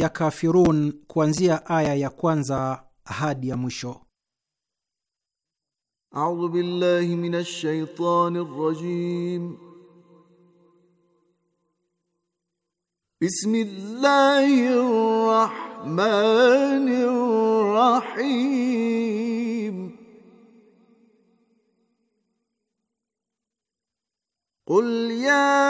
ya Kafirun kuanzia aya ya kwanza hadi ya mwisho. A'udhu billahi minash shaitani rajim. Bismillahir rahmanir rahim. Qul ya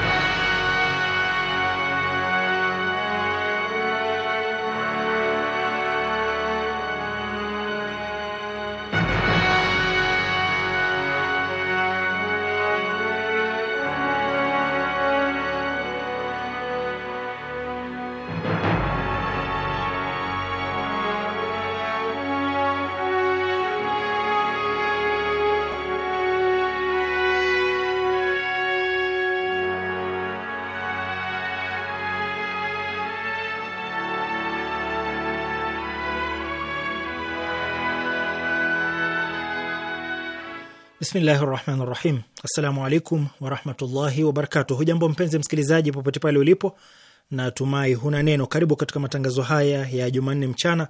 Bismillahi rahmani rahim. Assalamu alaikum warahmatullahi wabarakatu. Hujambo mpenzi msikilizaji, popote pale ulipo, natumai huna neno. Karibu katika matangazo haya ya Jumanne mchana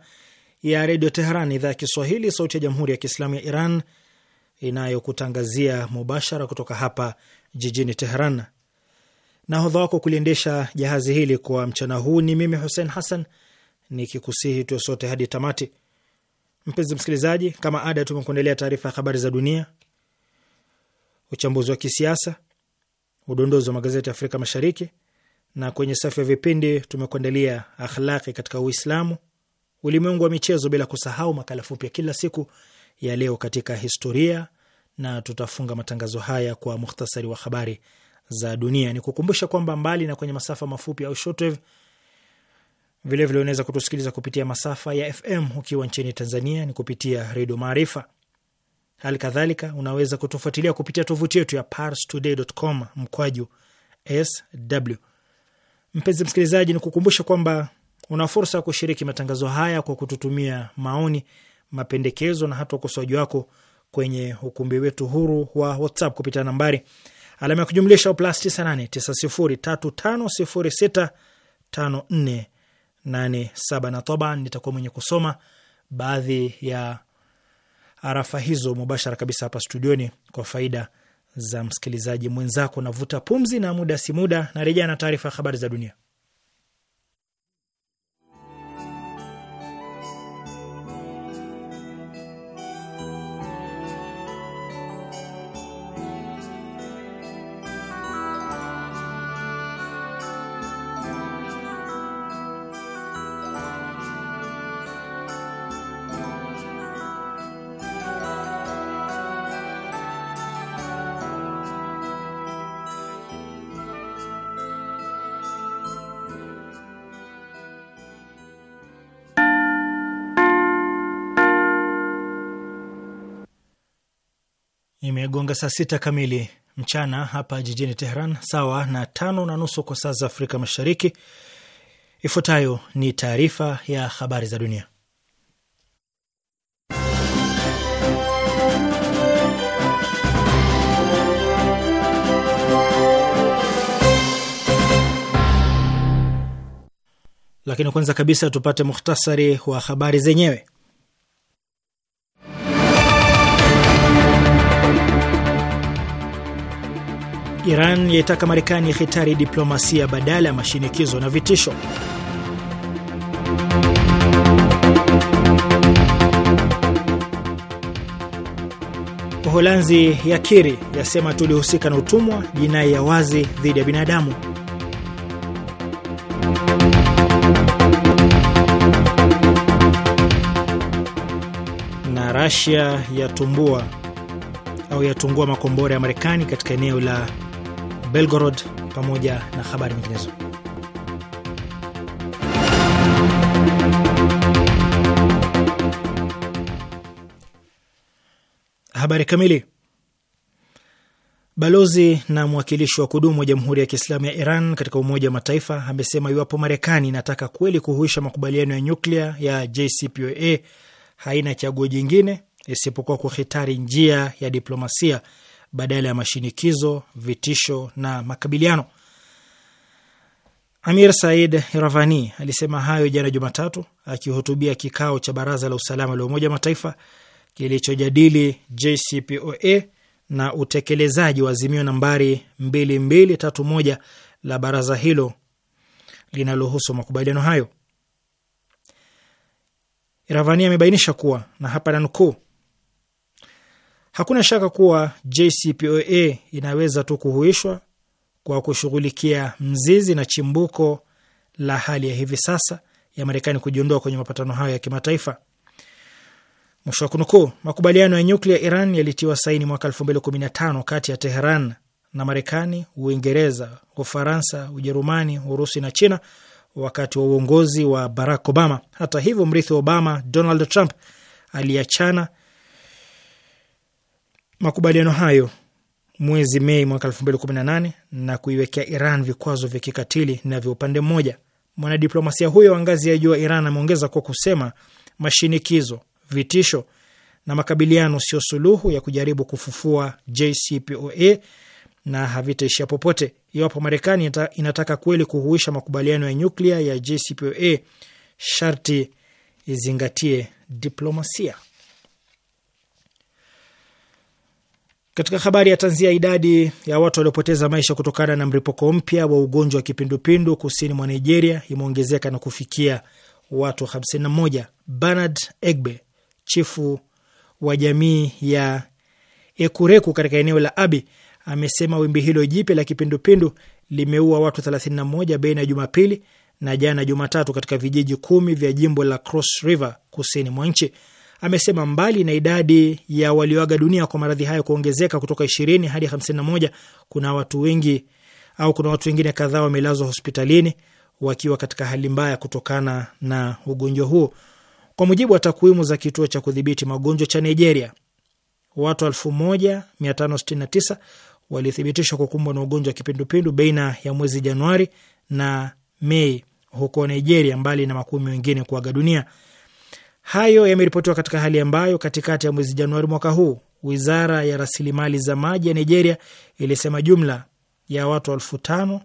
ya redio Teheran, idhaa ya Kiswahili, sauti ya jamhuri ya Kiislamu ya Iran inayokutangazia mubashara kutoka hapa jijini Teheran. Nahodha wako kuliendesha jahazi hili kwa mchana huu ni mimi Hussein Hassan, nikikusihi tuwe sote hadi tamati. Mpenzi msikilizaji, kama ada, tumekuendelea taarifa ya habari za dunia uchambuzi wa kisiasa, udondozi wa magazeti ya Afrika Mashariki, na kwenye safu ya vipindi tumekuandalia akhlaki katika Uislamu, ulimwengu wa michezo, bila kusahau makala fupi ya kila siku ya leo katika historia, na tutafunga matangazo haya kwa muhtasari wa habari za dunia. Ni kukumbusha kwamba mbali na kwenye masafa mafupi au shortwave, vilevile unaweza kutusikiliza kupitia masafa ya FM ukiwa nchini Tanzania ni kupitia Redio Maarifa. Hali kadhalika unaweza kutufuatilia kupitia tovuti yetu ya parstoday.com mkwaju sw. Mpenzi msikilizaji, ni kukumbusha kwamba una fursa ya kushiriki matangazo haya kwa kututumia maoni, mapendekezo na hata ukosoaji wako kwenye ukumbi wetu huru wa WhatsApp kupitia nambari alama ya kujumlisha plus 989035065487 na toba. Nitakuwa mwenye kusoma baadhi ya arafa hizo mubashara kabisa hapa studioni kwa faida za msikilizaji mwenzako. Navuta pumzi na muda si muda na na taarifa ya habari za dunia. Imegonga saa sita kamili mchana hapa jijini Tehran, sawa na tano na nusu kwa saa za Afrika Mashariki. Ifuatayo ni taarifa ya habari za dunia, lakini kwanza kabisa tupate muhtasari wa habari zenyewe. Iran yaitaka Marekani hitari diplomasia badala ya mashinikizo na vitisho. Uholanzi ya kiri yasema tulihusika na utumwa, jinai ya wazi dhidi ya binadamu. Na Rasia yatumbua au yatungua makombora ya Marekani katika eneo la Belgorod, pamoja na habari nyinginezo. Habari kamili. Balozi na mwakilishi wa kudumu wa Jamhuri ya Kiislamu ya Iran katika Umoja wa Mataifa amesema iwapo Marekani inataka kweli kuhuisha makubaliano ya nyuklia ya JCPOA haina chaguo jingine isipokuwa kuhitari njia ya diplomasia badala ya mashinikizo, vitisho na makabiliano. Amir Said Iravani alisema hayo jana Jumatatu akihutubia kikao cha Baraza la Usalama la Umoja wa Mataifa kilichojadili JCPOA na utekelezaji wa azimio nambari 2231 la baraza hilo linalohusu makubaliano hayo. Iravani amebainisha kuwa na hapa nanukuu Hakuna shaka kuwa JCPOA inaweza tu kuhuishwa kwa kushughulikia mzizi na chimbuko la hali ya hivi sasa ya Marekani kujiondoa kwenye mapatano hayo ya kimataifa. Mwisho wa kunukuu. Makubaliano ya nyuklia Iran yalitiwa saini mwaka 2015 kati ya Teheran na Marekani, Uingereza, Ufaransa, Ujerumani, Urusi na China wakati wa uongozi wa Barack Obama. Hata hivyo, mrithi wa Obama Donald Trump aliachana makubaliano hayo mwezi Mei mwaka nane na kuiwekea Iran vikwazo vya kikatili na vya upande mmoja. Mwanadiplomasia huyo wa ngazi ya juu wa Iran ameongeza kwa kusema mashinikizo, vitisho na makabiliano sio suluhu ya kujaribu kufufua JCPOA na havitaishia popote. Iwapo Marekani inataka kweli kuhuisha makubaliano ya nyuklia ya JCPOA, sharti izingatie diplomasia. Katika habari ya tanzia, idadi ya watu waliopoteza maisha kutokana na mlipuko mpya wa ugonjwa wa kipindupindu kusini mwa Nigeria imeongezeka na kufikia watu 51. Bernard Egbe, chifu wa jamii ya Ekureku katika eneo la Abi, amesema wimbi hilo jipya la kipindupindu limeua watu 31 baina ya Jumapili na jana Jumatatu katika vijiji kumi vya jimbo la Cross River kusini mwa nchi amesema mbali na idadi ya walioaga dunia kwa maradhi hayo kuongezeka kutoka ishirini hadi moja kuna watu wengi au kuna watu wengine kadhaa wamelazwa hospitalini wakiwa katika hali mbaya kutokana na ugonjwa huo. Kwa mujibu wa takwimu za kituo cha kudhibiti magonjwa cha Nigeria, watu 1569 walithibitishwa kukumbwa na ugonjwa wa kipindupindu baina ya mwezi Januari na Mei huko Nigeria, mbali na makumi wengine kuaga dunia. Hayo yameripotiwa katika hali ambayo katikati ya mwezi Januari mwaka huu wizara ya rasilimali za maji ya Nigeria ilisema jumla ya watu elfu tano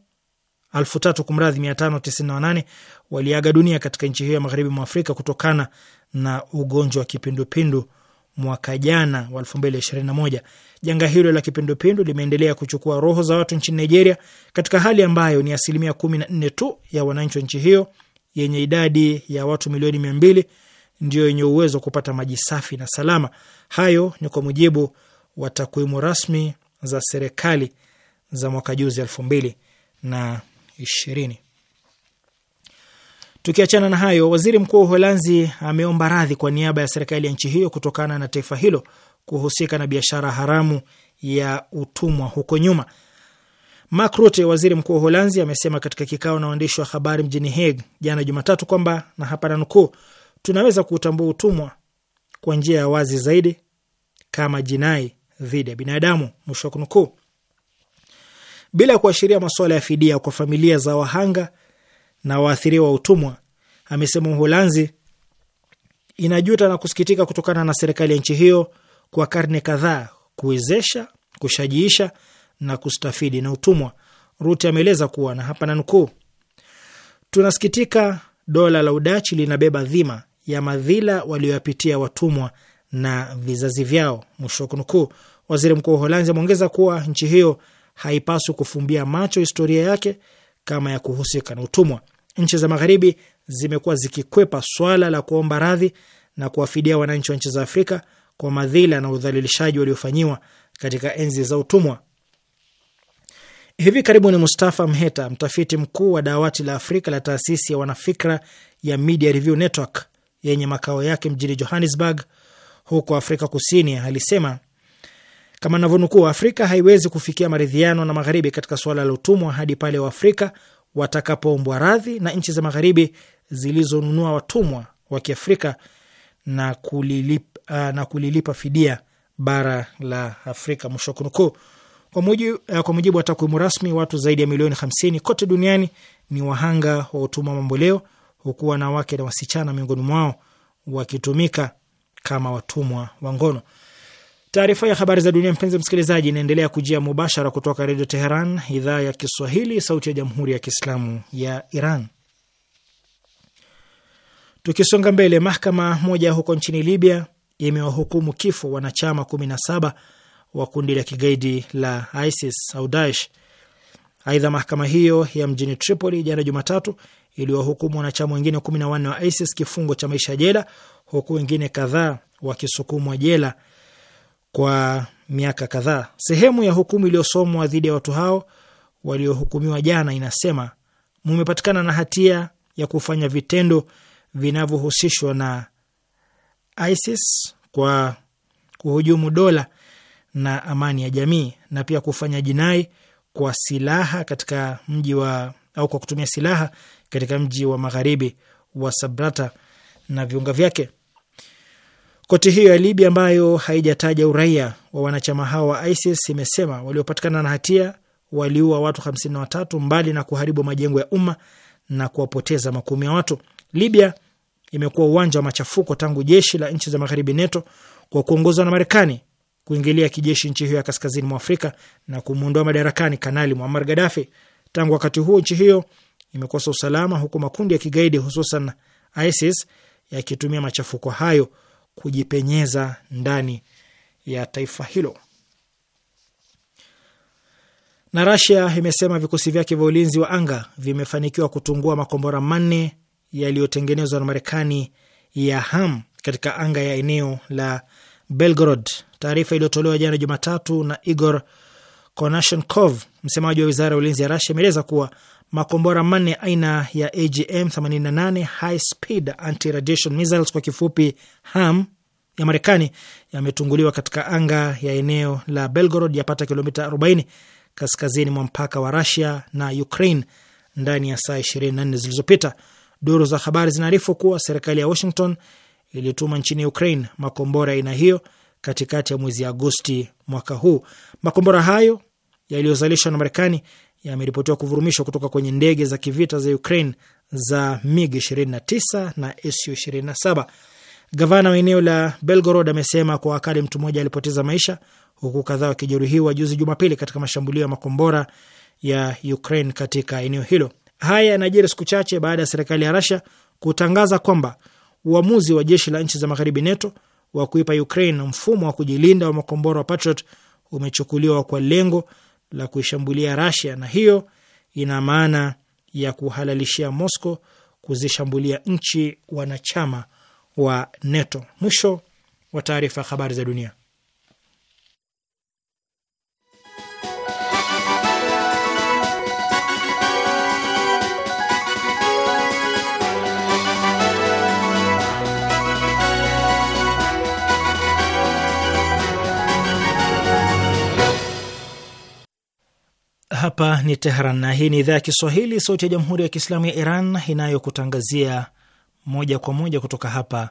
elfu tatu kumradhi, mia tano tisini na wanane waliaga dunia katika nchi hiyo ya magharibi mwa Afrika kutokana na ugonjwa wa kipindupindu mwaka jana wa elfu mbili ishirini na moja. Janga hilo la kipindupindu limeendelea kuchukua roho za watu nchini Nigeria katika hali ambayo ni asilimia kumi na nne tu ya wananchi wa nchi hiyo yenye idadi ya watu milioni mia mbili ndiyo yenye uwezo wa kupata maji safi na salama. Hayo ni kwa mujibu wa takwimu rasmi za serikali za mwaka juzi elfu mbili na ishirini. Tukiachana na hayo, waziri mkuu wa Uholanzi ameomba radhi kwa niaba ya serikali ya nchi hiyo kutokana na taifa hilo kuhusika na biashara haramu ya utumwa huko nyuma. Mark Rutte, waziri mkuu wa Uholanzi, amesema katika kikao na waandishi wa habari mjini Hague jana Jumatatu kwamba na hapa nanukuu, tunaweza kuutambua utumwa kwa njia ya wazi zaidi kama jinai dhidi ya binadamu, mwisho wa kunukuu. Bila ya kuashiria masuala ya fidia kwa familia za wahanga na waathiriwa wa utumwa, amesema Uholanzi inajuta na kusikitika kutokana na serikali ya nchi hiyo kwa karne kadhaa kuwezesha, kushajiisha na kustafidi na utumwa. Rut ameeleza kuwa na hapa nanukuu, tunasikitika dola la Udachi linabeba dhima ya madhila walioyapitia watumwa na vizazi vyao, mwisho wa kunukuu. Waziri Mkuu wa Uholanzi ameongeza kuwa nchi hiyo haipaswi kufumbia macho historia yake kama ya kuhusika na utumwa. Nchi za Magharibi zimekuwa zikikwepa swala la kuomba radhi na kuwafidia wananchi wa nchi za Afrika kwa madhila na udhalilishaji waliofanyiwa katika enzi za utumwa. Hivi karibuni Mustafa Mheta, mtafiti mkuu wa dawati la Afrika la taasisi ya wanafikra ya Media Review Network, yenye makao yake mjini Johannesburg huko Afrika Kusini alisema kama navyonukuu, Afrika haiwezi kufikia maridhiano na magharibi katika suala la utumwa hadi pale Waafrika watakapoombwa radhi na nchi za magharibi zilizonunua watumwa wa Kiafrika na kulilipa, uh, na kulilipa fidia bara la Afrika, mwisho kunukuu. Kwa mujibu, uh, kwa mujibu wa takwimu rasmi, watu zaidi ya milioni 50 kote duniani ni wahanga wa utumwa mamboleo huku wanawake na wasichana miongoni mwao wakitumika kama watumwa wa ngono. Taarifa ya habari za dunia, mpenzi msikilizaji, inaendelea kujia mubashara kutoka Redio Teheran, idhaa ya Kiswahili, sauti ya Jamhuri ya Kiislamu ya Iran. Tukisonga mbele, mahakama moja huko nchini Libya imewahukumu kifo wanachama 17 wa kundi la kigaidi la ISIS au Daesh. Aidha, mahakama hiyo ya mjini Tripoli jana Jumatatu iliwahukumu wanachama wengine wanne wa ISIS kifungo cha maisha jela huku wengine kadhaa wakisukumwa jela kwa miaka kadhaa. Sehemu ya hukumu iliyosomwa dhidi ya watu hao waliohukumiwa jana inasema, mumepatikana na hatia ya kufanya vitendo vinavyohusishwa na ISIS kwa kuhujumu dola na amani ya jamii na pia kufanya jinai kwa silaha katika mji wa au kwa kutumia silaha katika mji wa magharibi wa Sabrata na viunga vyake. Koti hiyo ya Libya ambayo haijataja uraia wa wanachama hao wa ISIS imesema waliopatikana na hatia waliua watu 53 mbali na kuharibu majengo ya umma na kuwapoteza makumi ya watu. Libya imekuwa uwanja wa machafuko tangu jeshi la nchi za magharibi NETO kwa kuongozwa na Marekani kuingilia kijeshi nchi hiyo ya kaskazini mwa Afrika na kumwondoa madarakani Kanali Muammar Gaddafi. Tangu wakati huo nchi hiyo imekosa usalama, huku makundi ya kigaidi hususan ISIS yakitumia machafuko hayo kujipenyeza ndani ya taifa hilo. Na Rasia imesema vikosi vyake vya ulinzi wa anga vimefanikiwa kutungua makombora manne yaliyotengenezwa na Marekani ya HAM katika anga ya eneo la Belgorod. Taarifa iliyotolewa jana Jumatatu na Igor Konashenkov, msemaji wa wizara ya ulinzi ya Rasia, ameeleza kuwa makombora manne aina ya AGM 88 high speed anti-radiation missiles kwa kifupi HAM ya Marekani yametunguliwa katika anga ya eneo la Belgorod, yapata kilomita 40 kaskazini mwa mpaka wa Rasia na Ukraine ndani ya saa 24 zilizopita. Duru za habari zinaarifu kuwa serikali ya Washington ilituma nchini Ukraine makombora aina hiyo katikati ya mwezi Agosti mwaka huu. Makombora hayo yaliyozalishwa na Marekani yameripotiwa kuvurumishwa kutoka kwenye ndege za kivita za Ukraine za MiG 29 na Su 27. Gavana wa eneo la Belgorod amesema kwa akali mtu mmoja alipoteza maisha huku kadhaa wakijeruhiwa juzi Jumapili katika mashambulio ya makombora ya Ukraine katika eneo hilo. Haya yanajiri siku chache baada ya serikali ya Russia kutangaza kwamba uamuzi wa jeshi la nchi za magharibi NATO wa kuipa Ukraine mfumo wa kujilinda wa makombora wa Patriot umechukuliwa kwa lengo la kuishambulia Rasia, na hiyo ina maana ya kuhalalishia Mosco kuzishambulia nchi wanachama wa NATO. Mwisho wa taarifa ya habari za dunia. hapa ni Tehran na hii ni idhaa ya Kiswahili, sauti ya jamhuri ya kiislamu ya Iran inayokutangazia moja kwa moja kutoka hapa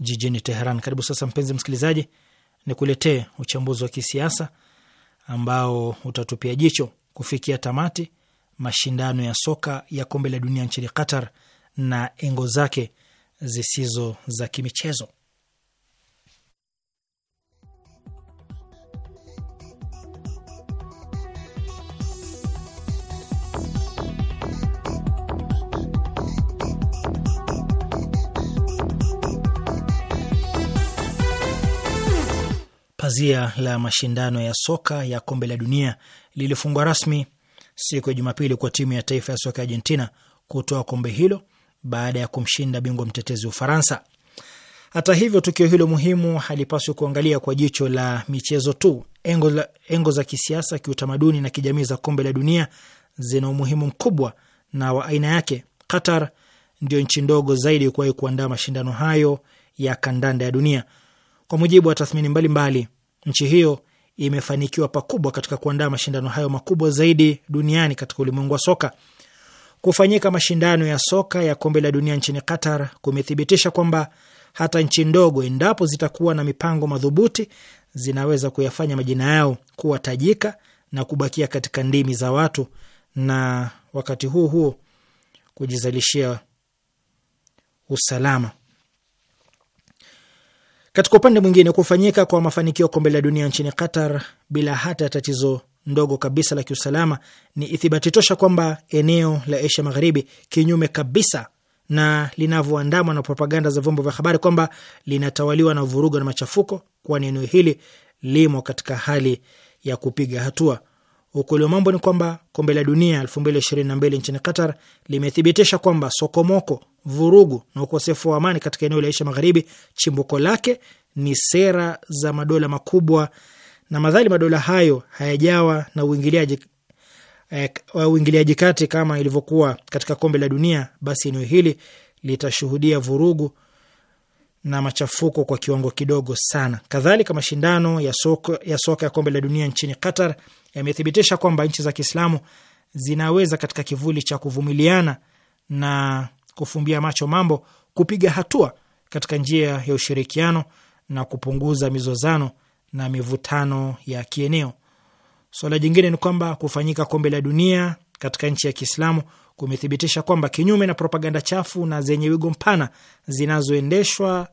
jijini Teheran. Karibu sasa, mpenzi msikilizaji, ni kuletee uchambuzi wa kisiasa ambao utatupia jicho kufikia tamati mashindano ya soka ya kombe la dunia nchini Qatar na engo zake zisizo za kimichezo. Pazia la mashindano ya soka ya kombe la dunia lilifungwa rasmi siku ya Jumapili kwa timu ya taifa ya soka ya Argentina kutoa kombe hilo baada ya kumshinda bingwa mtetezi Ufaransa. Hata hivyo, tukio hilo muhimu halipaswi kuangalia kwa jicho la michezo tu. Engo, la, engo za kisiasa, kiutamaduni na kijamii za kombe la dunia zina umuhimu mkubwa na wa aina yake. Qatar ndio nchi ndogo zaidi kuwahi kuandaa mashindano hayo ya kandanda ya dunia. Kwa mujibu wa tathmini mbalimbali, nchi hiyo imefanikiwa pakubwa katika kuandaa mashindano hayo makubwa zaidi duniani katika ulimwengu wa soka. Kufanyika mashindano ya soka ya kombe la dunia nchini Qatar kumethibitisha kwamba hata nchi ndogo, endapo zitakuwa na mipango madhubuti, zinaweza kuyafanya majina yao kuwa tajika na kubakia katika ndimi za watu, na wakati huo huo kujizalishia usalama. Katika upande mwingine, kufanyika kwa mafanikio kombe la dunia nchini Qatar bila hata ya tatizo ndogo kabisa la kiusalama ni ithibati tosha kwamba eneo la Asia Magharibi, kinyume kabisa na linavyoandamwa na propaganda za vyombo vya habari kwamba linatawaliwa na vurugo na machafuko, kwani eneo hili limo katika hali ya kupiga hatua. Ukweli wa mambo ni kwamba kombe la dunia 2022 nchini Qatar limethibitisha kwamba sokomoko, vurugu na ukosefu wa amani katika eneo la Asia Magharibi, chimbuko lake ni sera za madola makubwa, na madhali madola hayo hayajawa na uingiliaji eh, uingiliaji kati kama ilivyokuwa katika kombe la dunia, basi eneo hili litashuhudia vurugu na machafuko kwa kiwango kidogo sana. Kadhalika, mashindano ya soka ya soka ya kombe la dunia nchini Qatar yamethibitisha kwamba nchi za Kiislamu zinaweza katika kivuli cha kuvumiliana na kufumbia macho mambo, kupiga hatua katika njia ya ushirikiano na kupunguza mizozano na mivutano ya kieneo. Swala jingine ni kwamba kufanyika kombe la dunia katika nchi ya Kiislamu kumethibitisha kwamba kinyume na propaganda chafu na zenye wigo mpana zinazoendeshwa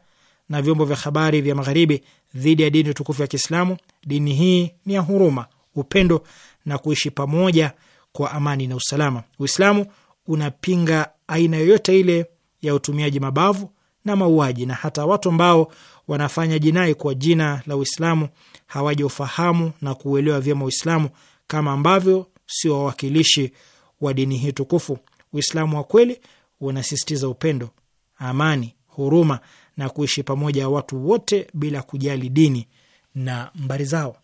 na vyombo vya habari vya Magharibi dhidi ya dini tukufu ya Kiislamu, dini hii ni ya huruma, upendo na kuishi pamoja kwa amani na usalama. Uislamu unapinga aina yoyote ile ya utumiaji mabavu na mauaji, na hata watu ambao wanafanya jinai kwa jina la Uislamu hawajaufahamu na kuuelewa vyema Uislamu kama ambavyo sio wawakilishi wa dini hii tukufu. Uislamu wa kweli unasisitiza upendo, amani, huruma na kuishi pamoja watu wote bila kujali dini na mbari zao.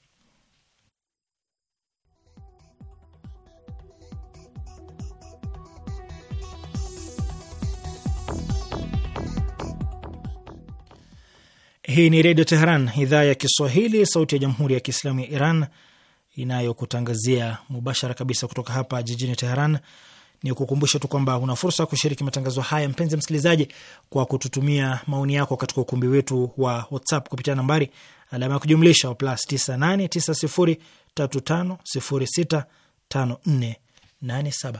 Hii ni Redio Teheran, idhaa ya Kiswahili, sauti ya Jamhuri ya Kiislamu ya Iran, inayokutangazia mubashara kabisa kutoka hapa jijini Teheran. Ni kukumbusha tu kwamba una fursa kushiriki matangazo haya, mpenzi msikilizaji, kwa kututumia maoni yako katika ukumbi wetu wa WhatsApp kupitia nambari alama ya kujumlisha wa plus 989035065487.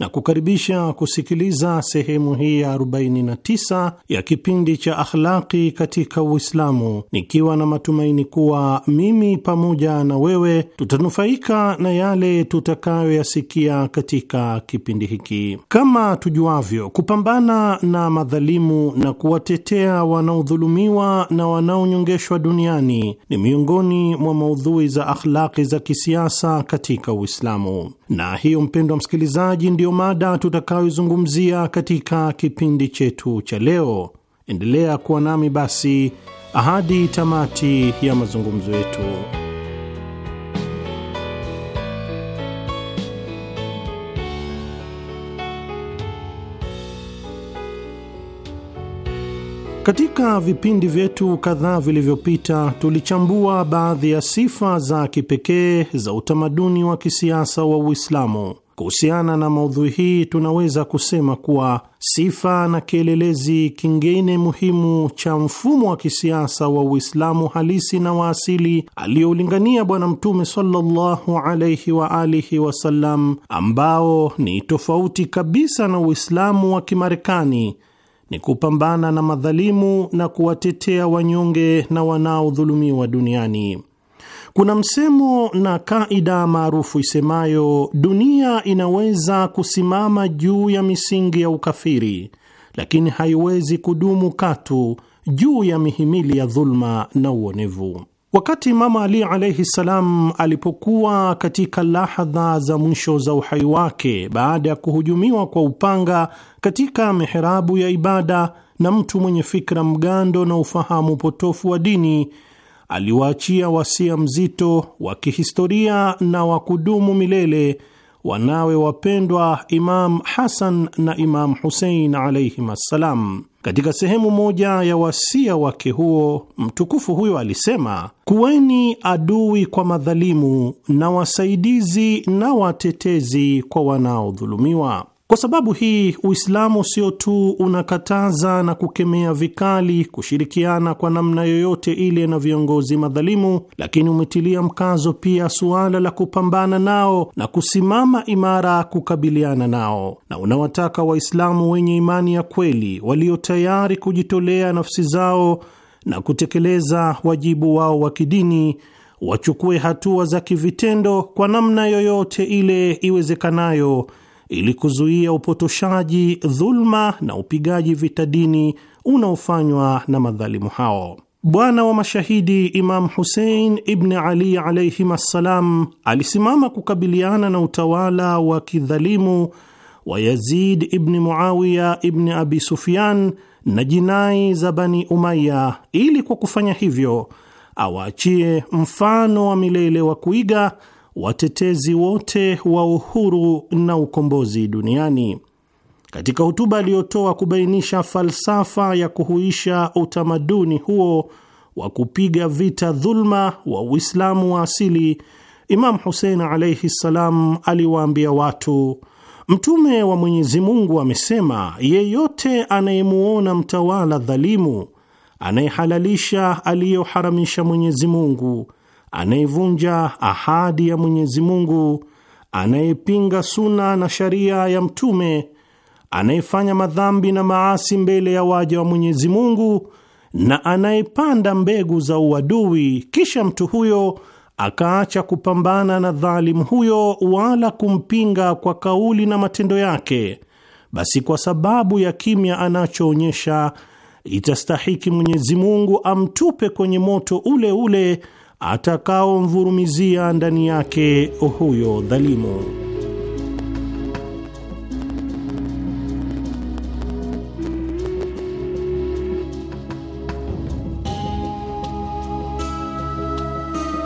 na kukaribisha kusikiliza sehemu hii ya 49 ya kipindi cha Akhlaqi katika Uislamu, nikiwa na matumaini kuwa mimi pamoja na wewe tutanufaika na yale tutakayoyasikia katika kipindi hiki. Kama tujuavyo, kupambana na madhalimu na kuwatetea wanaodhulumiwa na wanaonyongeshwa duniani ni miongoni mwa maudhui za akhlaqi za kisiasa katika Uislamu, na hiyo, mpendwa msikilizaji, ndio ndiyo mada tutakayozungumzia katika kipindi chetu cha leo. Endelea kuwa nami basi hadi tamati ya mazungumzo yetu. Katika vipindi vyetu kadhaa vilivyopita tulichambua baadhi ya sifa za kipekee za utamaduni wa kisiasa wa Uislamu Kuhusiana na maudhui hii, tunaweza kusema kuwa sifa na kielelezi kingine muhimu cha mfumo wa kisiasa wa Uislamu halisi na wa asili aliyoulingania Bwana Mtume sallallahu alaihi wa alihi wasallam, ambao ni tofauti kabisa na Uislamu wa Kimarekani, ni kupambana na madhalimu na kuwatetea wanyonge na wanaodhulumiwa duniani. Kuna msemo na kaida maarufu isemayo, dunia inaweza kusimama juu ya misingi ya ukafiri, lakini haiwezi kudumu katu juu ya mihimili ya dhulma na uonevu. Wakati Mama Ali alaihi ssalam alipokuwa katika lahadha za mwisho za uhai wake baada ya kuhujumiwa kwa upanga katika miherabu ya ibada na mtu mwenye fikra mgando na ufahamu potofu wa dini aliwaachia wasia mzito wa kihistoria na wa kudumu milele wanawe wapendwa Imam Hasan na Imam Husein alaihim assalam. Katika sehemu moja ya wasia wake huo mtukufu huyo alisema, kuweni adui kwa madhalimu na wasaidizi na watetezi kwa wanaodhulumiwa. Kwa sababu hii, Uislamu sio tu unakataza na kukemea vikali kushirikiana kwa namna yoyote ile na viongozi madhalimu, lakini umetilia mkazo pia suala la kupambana nao na kusimama imara kukabiliana nao, na unawataka Waislamu wenye imani ya kweli walio tayari kujitolea nafsi zao na kutekeleza wajibu wao wa kidini wachukue hatua za kivitendo kwa namna yoyote ile iwezekanayo ili kuzuia upotoshaji, dhulma na upigaji vita dini unaofanywa na madhalimu hao. Bwana wa mashahidi Imam Husein Ibn Ali alaihim assalam alisimama kukabiliana na utawala wa kidhalimu wa Yazid ibni Muawiya Ibn Abi Sufyan na jinai za Bani Umaya, ili kwa kufanya hivyo awaachie mfano wa milele wa kuiga watetezi wote wa uhuru na ukombozi duniani. Katika hotuba aliyotoa kubainisha falsafa ya kuhuisha utamaduni huo wa kupiga vita dhulma wa Uislamu wa asili, Imam Husein alaihi ssalam aliwaambia watu, Mtume wa Mwenyezi Mungu amesema, yeyote anayemuona mtawala dhalimu, anayehalalisha aliyoharamisha Mwenyezi Mungu anayevunja ahadi ya Mwenyezi Mungu, anayepinga suna na sharia ya Mtume, anayefanya madhambi na maasi mbele ya waja wa Mwenyezi Mungu na anayepanda mbegu za uadui, kisha mtu huyo akaacha kupambana na dhalimu huyo wala kumpinga kwa kauli na matendo yake, basi kwa sababu ya kimya anachoonyesha itastahiki Mwenyezi Mungu amtupe kwenye moto ule ule atakaomvurumizia ndani yake huyo dhalimu.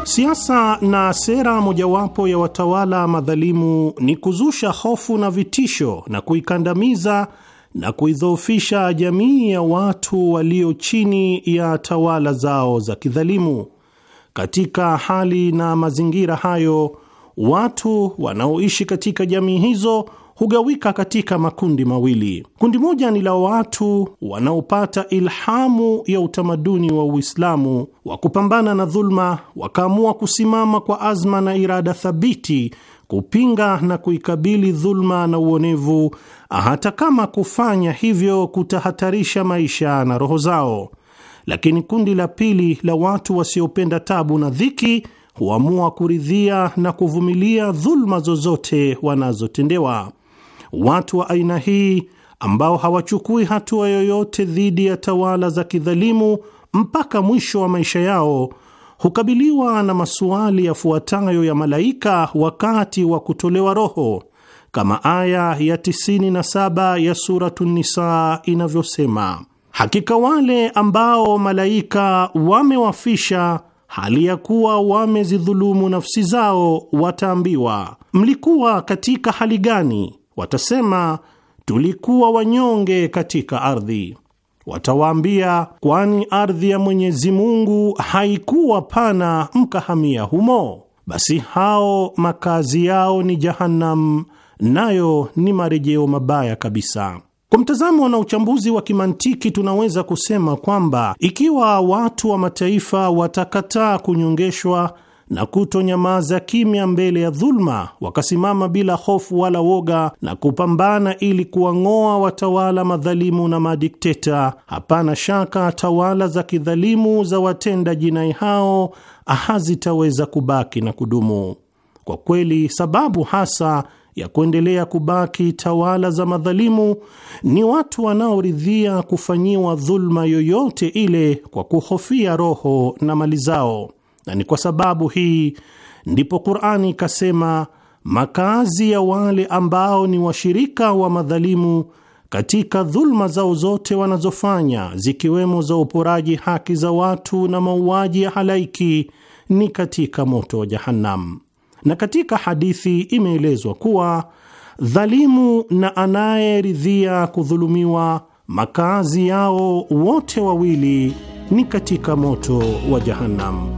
Siasa na sera mojawapo ya watawala madhalimu ni kuzusha hofu na vitisho na kuikandamiza na kuidhoofisha jamii ya watu walio chini ya tawala zao za kidhalimu. Katika hali na mazingira hayo, watu wanaoishi katika jamii hizo hugawika katika makundi mawili. Kundi moja ni la watu wanaopata ilhamu ya utamaduni wa Uislamu wa kupambana na dhuluma, wakaamua kusimama kwa azma na irada thabiti kupinga na kuikabili dhuluma na uonevu, hata kama kufanya hivyo kutahatarisha maisha na roho zao lakini kundi la pili la watu wasiopenda tabu na dhiki huamua kuridhia na kuvumilia dhuluma zozote wanazotendewa. Watu wa aina hii ambao hawachukui hatua yoyote dhidi ya tawala za kidhalimu mpaka mwisho wa maisha yao hukabiliwa na masuali yafuatayo ya malaika wakati wa kutolewa roho, kama aya ya 97 ya Suratu Nisa inavyosema: Hakika wale ambao malaika wamewafisha hali ya kuwa wamezidhulumu nafsi zao wataambiwa, mlikuwa katika hali gani? Watasema, tulikuwa wanyonge katika ardhi. Watawaambia, kwani ardhi ya Mwenyezi Mungu haikuwa pana mkahamia humo? Basi hao makazi yao ni Jahannam, nayo ni marejeo mabaya kabisa. Kwa mtazamo na uchambuzi wa kimantiki, tunaweza kusema kwamba ikiwa watu wa mataifa watakataa kunyongeshwa na kutonyamaza kimya mbele ya dhuluma, wakasimama bila hofu wala woga na kupambana ili kuwang'oa watawala madhalimu na madikteta, hapana shaka tawala za kidhalimu za watenda jinai hao hazitaweza kubaki na kudumu. Kwa kweli, sababu hasa ya kuendelea kubaki tawala za madhalimu ni watu wanaoridhia kufanyiwa dhuluma yoyote ile kwa kuhofia roho na mali zao, na ni kwa sababu hii ndipo Qur'ani ikasema makazi ya wale ambao ni washirika wa madhalimu katika dhulma zao zote wanazofanya zikiwemo za uporaji haki za watu na mauaji ya halaiki ni katika moto wa Jahannam na katika hadithi imeelezwa kuwa dhalimu na anayeridhia kudhulumiwa makazi yao wote wawili ni katika moto wa Jahannam.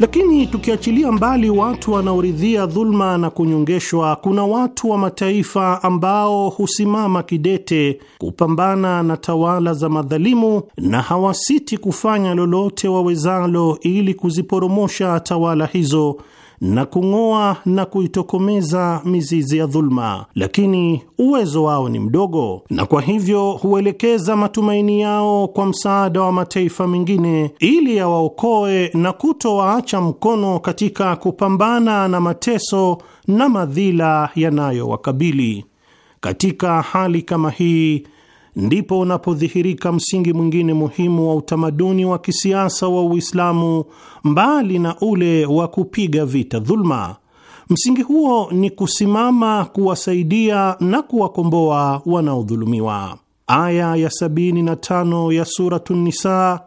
Lakini tukiachilia mbali watu wanaoridhia dhulma na kunyongeshwa, kuna watu wa mataifa ambao husimama kidete kupambana na tawala za madhalimu na hawasiti kufanya lolote wawezalo ili kuziporomosha tawala hizo na kung'oa na kuitokomeza mizizi ya dhuluma, lakini uwezo wao ni mdogo, na kwa hivyo huelekeza matumaini yao kwa msaada wa mataifa mengine ili yawaokoe na kutowaacha mkono katika kupambana na mateso na madhila yanayowakabili. Katika hali kama hii ndipo unapodhihirika msingi mwingine muhimu wa utamaduni wa kisiasa wa Uislamu, mbali na ule wa kupiga vita dhuluma. Msingi huo ni kusimama kuwasaidia na kuwakomboa wanaodhulumiwa. Aya ya 75 ya Suratu Nisa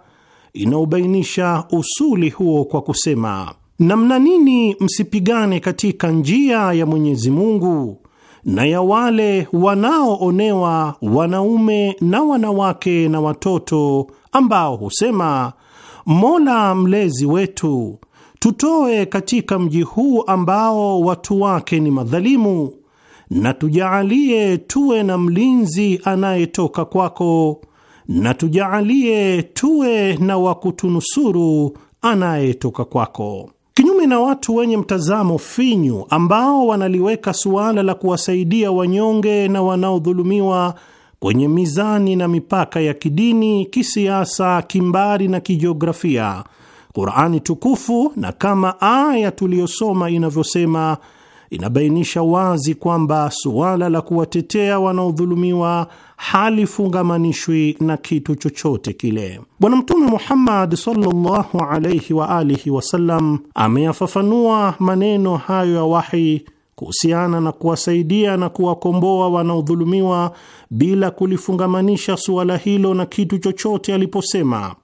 inaubainisha usuli huo kwa kusema, namna nini msipigane katika njia ya Mwenyezi Mungu na ya wale wanaoonewa wanaume na wanawake na watoto ambao husema, Mola mlezi wetu, tutoe katika mji huu ambao watu wake ni madhalimu, na tujaalie tuwe na mlinzi anayetoka kwako, na tujaalie tuwe na wakutunusuru anayetoka kwako. Kinyume na watu wenye mtazamo finyu ambao wanaliweka suala la kuwasaidia wanyonge na wanaodhulumiwa kwenye mizani na mipaka ya kidini, kisiasa, kimbari na kijiografia, Qur'ani tukufu na kama aya tuliyosoma inavyosema inabainisha wazi kwamba suala la kuwatetea wanaodhulumiwa halifungamanishwi na kitu chochote kile. Bwana Mtume Muhammad sallallahu alayhi wa alihi wasallam ameyafafanua maneno hayo ya wahi kuhusiana na kuwasaidia na kuwakomboa wanaodhulumiwa bila kulifungamanisha suala hilo na kitu chochote aliposema,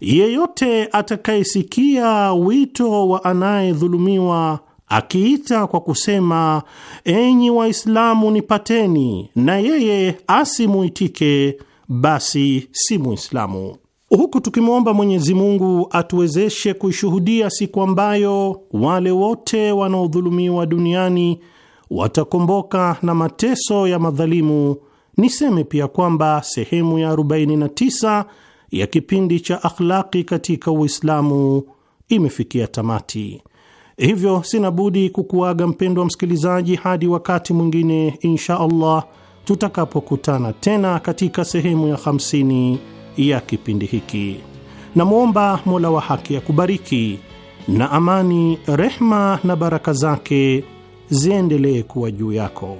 yeyote atakayesikia wito wa anayedhulumiwa akiita kwa kusema, enyi Waislamu nipateni, na yeye asimuitike, basi si Muislamu. Huku tukimwomba Mwenyezi Mungu atuwezeshe kuishuhudia siku ambayo wale wote wanaodhulumiwa duniani watakomboka na mateso ya madhalimu. Niseme pia kwamba sehemu ya 49 ya kipindi cha akhlaki katika Uislamu imefikia tamati. Hivyo sina budi kukuaga mpendwa msikilizaji, hadi wakati mwingine insha Allah tutakapokutana tena katika sehemu ya 50 ya kipindi hiki. Namwomba Mola wa haki akubariki, na amani, rehma na baraka zake ziendelee kuwa juu yako.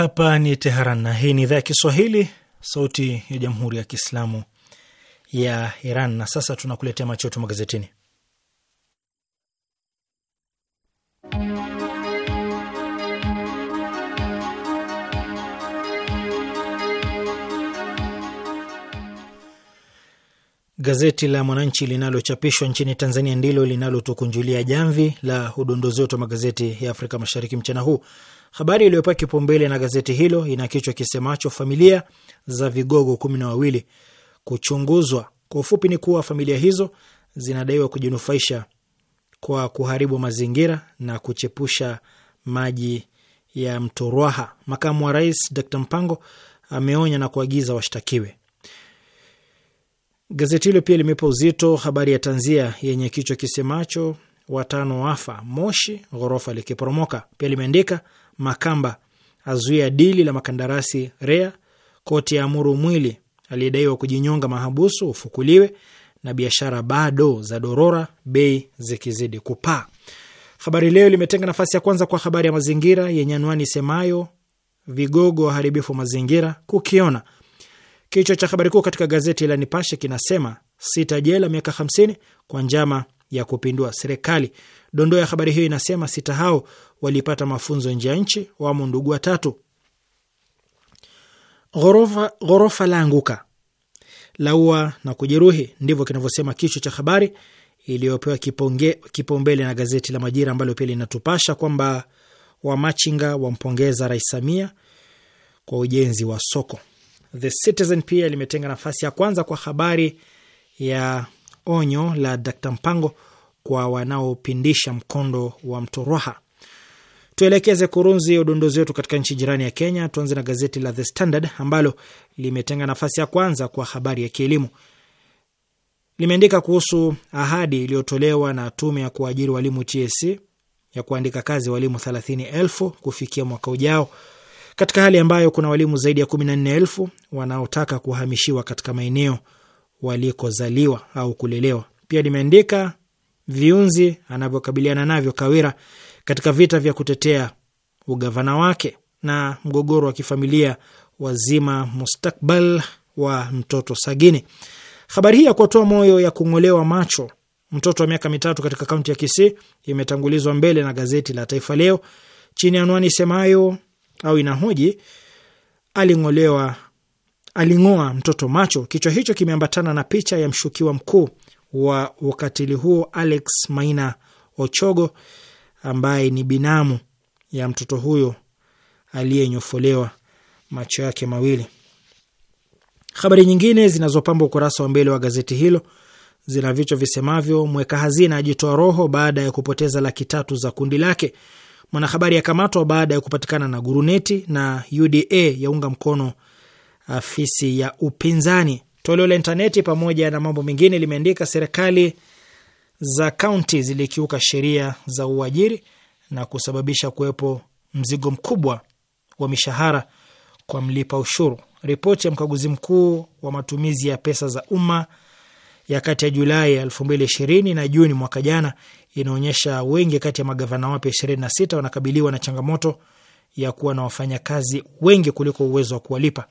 Hapa ni Teheran na hii ni idhaa ya Kiswahili, sauti ya jamhuri ya kiislamu ya Iran. Na sasa tunakuletea macho yetu magazetini. Gazeti la Mwananchi linalochapishwa nchini Tanzania ndilo linalotukunjulia jamvi la udondozi wetu wa magazeti ya Afrika Mashariki mchana huu. Habari iliyopewa kipaumbele na gazeti hilo ina kichwa kisemacho familia za vigogo kumi na wawili kuchunguzwa. Kwa ufupi ni kuwa familia hizo zinadaiwa kujinufaisha kwa kuharibu mazingira na kuchepusha maji ya mto Ruaha. Makamu wa rais Dr Mpango ameonya na kuagiza washtakiwe. Gazeti hilo pia limepa uzito habari ya tanzia yenye kichwa kisemacho watano wafa Moshi, ghorofa likiporomoka. Pia limeandika Makamba azuia dili la makandarasi REA. Koti ya amuru mwili aliyedaiwa kujinyonga mahabusu ufukuliwe, na biashara bado za dorora, bei zikizidi kupaa. Habari Leo limetenga nafasi ya kwanza kwa habari ya mazingira yenye anwani semayo vigogo waharibifu mazingira kukiona. Kichwa cha habari kuu katika gazeti la Nipashe kinasema sita jela miaka hamsini kwa njama ya kupindua serikali. Dondoo ya habari hiyo inasema sita hao walipata mafunzo nje ya nchi, wamo ndugu watatu. Ghorofa, ghorofa laanguka laua na kujeruhi, ndivyo kinavyosema kichwa cha habari iliyopewa kipaumbele na gazeti la Majira ambalo pia linatupasha kwamba wamachinga wampongeza Rais Samia kwa ujenzi wa soko. The Citizen pia limetenga nafasi ya kwanza kwa habari ya onyo la Dkt Mpango kwa wanaopindisha mkondo wa Mtoroha. Tuelekeze kurunzi ya udondozi wetu katika nchi jirani ya Kenya. Tuanze na gazeti la The Standard ambalo limetenga nafasi ya kwanza kwa habari ya kielimu. Limeandika kuhusu ahadi iliyotolewa na tume ya kuajiri walimu TSC e ya kuandika kazi walimu thelathini kufikia mwaka ujao katika hali ambayo kuna walimu zaidi ya kumi wanaotaka kuhamishiwa katika maeneo walikozaliwa au kulelewa. Pia limeandika viunzi anavyokabiliana navyo Kawira katika vita vya kutetea ugavana wake na mgogoro wa kifamilia wazima mustakbal wa mtoto Sagini. Habari hii ya kuwatoa moyo ya kung'olewa macho mtoto wa miaka mitatu katika kaunti ya Kisii imetangulizwa mbele na gazeti la Taifa Leo chini ya anwani semayo au inahoji aling'olewa aling'oa mtoto macho. Kichwa hicho kimeambatana na picha ya mshukiwa mkuu wa ukatili huo Alex Maina Ochogo ambaye ni binamu ya mtoto huyo aliyenyofolewa macho yake mawili. Habari nyingine zinazopamba ukurasa wa mbele wa gazeti hilo zina vichwa visemavyo: mweka hazina ajitoa roho baada ya kupoteza laki tatu za kundi lake, mwanahabari akamatwa baada ya kupatikana na guruneti, na UDA yaunga mkono afisi ya upinzani. Toleo la intaneti pamoja na mambo mengine limeandika serikali za kaunti zilikiuka sheria za uajiri na kusababisha kuwepo mzigo mkubwa wa mishahara kwa mlipa ushuru. Ripoti ya mkaguzi mkuu wa matumizi ya pesa za umma ya kati ya Julai elfu mbili ishirini na Juni mwaka jana inaonyesha wengi kati ya magavana wapya ishirini na sita wanakabiliwa na changamoto ya kuwa na wafanyakazi wengi kuliko uwezo wa kuwalipa.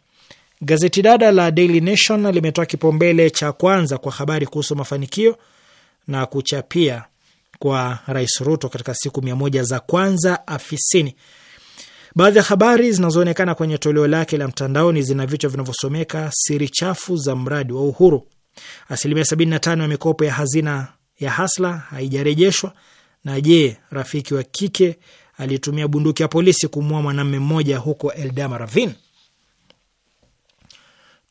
Gazeti dada la Daily Nation limetoa kipaumbele cha kwanza kwa habari kuhusu mafanikio na kuchapia kwa Rais Ruto katika siku mia moja za kwanza afisini. Baadhi ya habari zinazoonekana kwenye toleo lake la mtandaoni zina vichwa vinavyosomeka siri chafu za mradi wa Uhuru, asilimia 75 ya mikopo ya hazina ya Hasla haijarejeshwa, na je, rafiki wa kike alitumia bunduki ya polisi kumua mwanamume mmoja huko Eldama Ravine.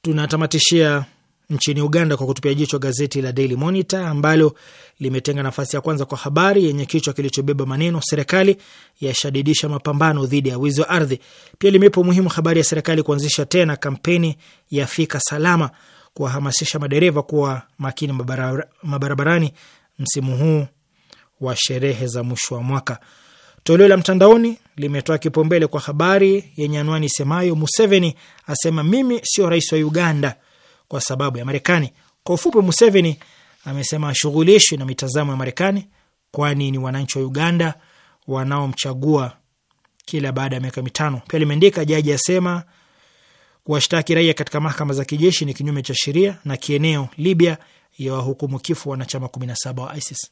Tunatamatishia nchini Uganda kwa kutupia jicho gazeti la Daily Monitor ambalo limetenga nafasi ya kwanza kwa habari yenye kichwa kilichobeba maneno serikali yashadidisha mapambano dhidi ya wizi wa ardhi. Pia limepo muhimu habari ya serikali kuanzisha tena kampeni ya fika salama kuwahamasisha madereva kuwa makini mabarabara, mabarabarani msimu huu wa sherehe za mwisho wa mwaka. Toleo la mtandaoni limetoa kipaumbele kwa habari yenye anwani isemayo Museveni asema mimi sio rais wa Uganda kwa sababu ya Marekani. Kwa ufupi, Museveni amesema ashughulishwi na mitazamo ya Marekani, kwani ni wananchi wa Uganda wanaomchagua kila baada ya miaka mitano. Pia limeandika jaji asema kuwashtaki raia katika mahakama za kijeshi ni kinyume cha sheria, na kieneo Libya ya wahukumu kifo wanachama saba wa ISIS.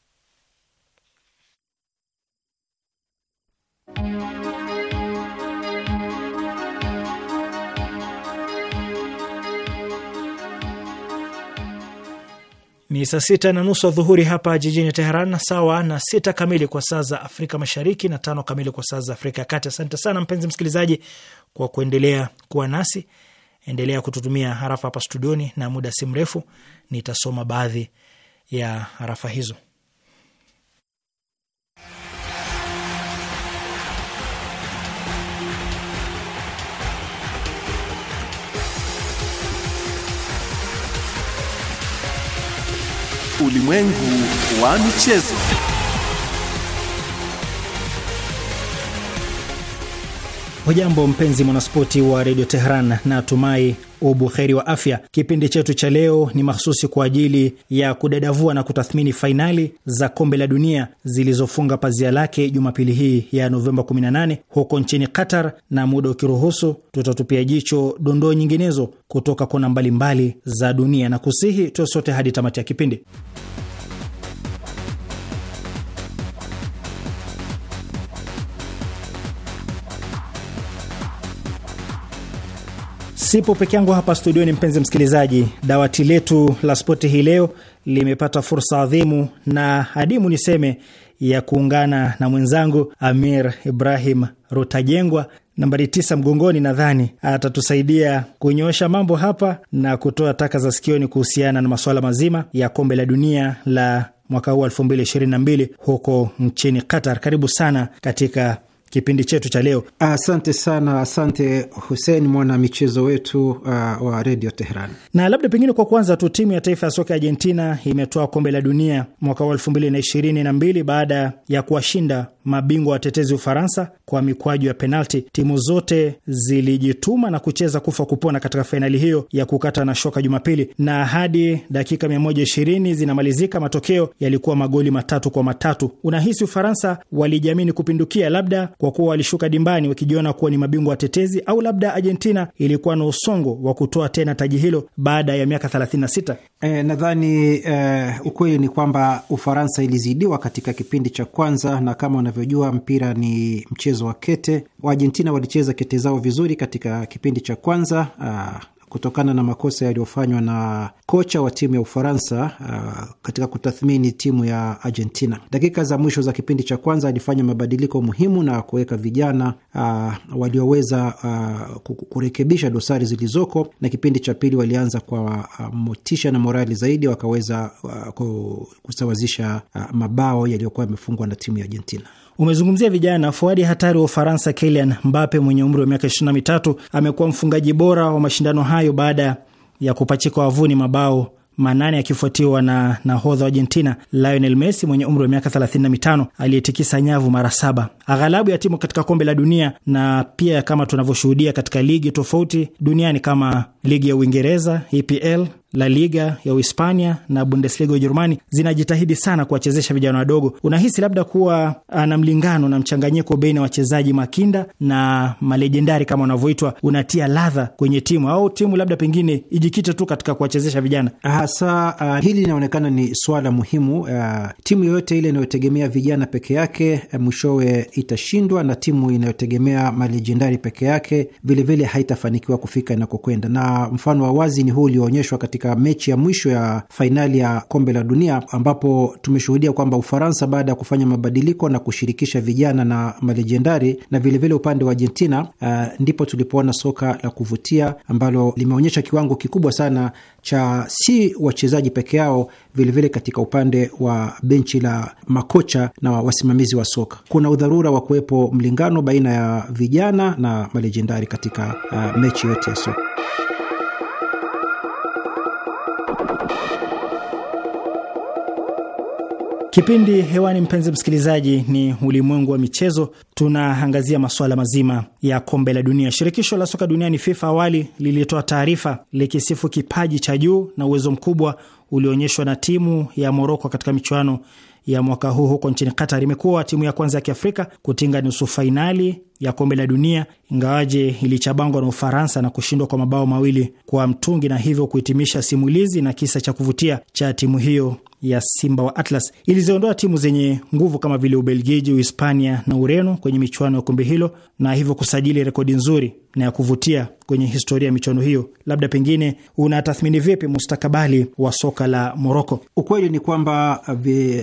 Ni saa sita na nusu adhuhuri hapa jijini Teheran, sawa na sita kamili kwa saa za Afrika Mashariki na tano kamili kwa saa za Afrika ya Kati. Asante sana mpenzi msikilizaji kwa kuendelea kuwa nasi. Endelea kututumia harafa hapa studioni, na muda si mrefu nitasoma baadhi ya harafa hizo. Ulimwengu wa michezo. Hujambo mpenzi mwanaspoti wa redio teheran na tumai ubuheri wa afya. Kipindi chetu cha leo ni mahsusi kwa ajili ya kudadavua na kutathmini fainali za kombe la dunia zilizofunga pazia lake Jumapili hii ya Novemba 18 huko nchini Qatar, na muda ukiruhusu, tutatupia jicho dondoo nyinginezo kutoka kona mbalimbali za dunia na kusihi tuwe sote hadi tamati ya kipindi. Sipo peke yangu hapa studioni, mpenzi msikilizaji. Dawati letu la spoti hii leo limepata fursa adhimu na adimu niseme, ya kuungana na mwenzangu Amir Ibrahim Rutajengwa, nambari tisa mgongoni. Nadhani atatusaidia kunyoosha mambo hapa na kutoa taka za sikioni kuhusiana na masuala mazima ya kombe la dunia la mwaka huu 2022 huko nchini Qatar. Karibu sana katika kipindi chetu cha leo. Asante sana, asante Hussein, mwana michezo wetu uh, wa redio Teheran. Na labda pengine kwa kwanza tu, timu ya taifa ya soka ya Argentina imetoa kombe la dunia mwaka wa elfu mbili na ishirini na mbili baada ya kuwashinda mabingwa watetezi Ufaransa kwa mikwaju ya penalti. Timu zote zilijituma na kucheza kufa kupona katika fainali hiyo ya kukata na shoka Jumapili, na hadi dakika 120 zinamalizika, matokeo yalikuwa magoli matatu kwa matatu. Unahisi Ufaransa walijiamini kupindukia, labda kwa kuwa walishuka dimbani wakijiona kuwa ni mabingwa watetezi, au labda Argentina ilikuwa na usongo wa kutoa tena taji hilo baada ya miaka 36? E, eh, nadhani e, ukweli ni kwamba Ufaransa ilizidiwa katika kipindi cha kwanza na kama mnavyojua mpira ni mchezo wa kete. Waargentina walicheza kete zao vizuri katika kipindi cha kwanza aa, ah, kutokana na makosa yaliyofanywa na kocha wa timu ya Ufaransa uh, katika kutathmini timu ya Argentina. Dakika za mwisho za kipindi cha kwanza alifanya mabadiliko muhimu na kuweka vijana uh, walioweza uh, kurekebisha dosari zilizoko, na kipindi cha pili walianza kwa uh, motisha na morali zaidi, wakaweza uh, kusawazisha uh, mabao yaliyokuwa yamefungwa na timu ya Argentina. Umezungumzia vijana. Fuadi hatari wa Ufaransa, Kylian Mbappe mwenye umri wa miaka 23 amekuwa mfungaji bora wa mashindano hayo baada ya kupachika wavuni mabao manane akifuatiwa na nahodha wa Argentina Lionel Messi mwenye umri wa miaka 35 aliyetikisa nyavu mara saba. Aghalabu ya timu katika kombe la dunia na pia kama tunavyoshuhudia katika ligi tofauti duniani kama ligi ya Uingereza EPL, la Liga ya Uhispania na Bundesliga ya Ujerumani zinajitahidi sana kuwachezesha vijana wadogo. Unahisi labda kuwa ana ah, mlingano na mchanganyiko baina ya wachezaji makinda na malejendari kama wanavyoitwa unatia ladha kwenye timu, au timu labda pengine ijikite tu katika kuwachezesha vijana hasa? Uh, hili linaonekana ni swala muhimu. Uh, timu yoyote ile inayotegemea vijana peke yake eh, mwishowe itashindwa, na timu inayotegemea malejendari peke yake vilevile haitafanikiwa kufika inakokwenda, na mfano wa wazi ni huu ulioonyeshwa katika katika mechi ya mwisho ya fainali ya kombe la dunia, ambapo tumeshuhudia kwamba Ufaransa baada ya kufanya mabadiliko na kushirikisha vijana na malejendari na vilevile upande wa Argentina, uh, ndipo tulipoona soka la kuvutia ambalo limeonyesha kiwango kikubwa sana cha si wachezaji peke yao, vilevile katika upande wa benchi la makocha na wasimamizi wa soka. Kuna udharura wa kuwepo mlingano baina ya vijana na malejendari katika uh, mechi yote ya soka. Kipindi hewani, mpenzi msikilizaji, ni ulimwengu wa michezo. Tunaangazia masuala mazima ya kombe la dunia. Shirikisho la soka duniani FIFA awali lilitoa taarifa likisifu kipaji cha juu na uwezo mkubwa ulioonyeshwa na timu ya Moroko katika michuano ya mwaka huu huko nchini Qatar. Imekuwa timu ya kwanza ya kiafrika kutinga nusu fainali ya kombe la dunia, ingawaje ilichabangwa na Ufaransa na kushindwa kwa mabao mawili kwa mtungi, na hivyo kuhitimisha simulizi na kisa cha kuvutia cha timu hiyo ya Simba wa Atlas. Iliziondoa timu zenye nguvu kama vile Ubelgiji, Uhispania na Ureno kwenye michuano ya kombe hilo na hivyo kusajili rekodi nzuri na ya kuvutia kwenye historia ya michuano hiyo. Labda pengine unatathmini vipi mustakabali wa soka la Moroko? Ukweli ni kwamba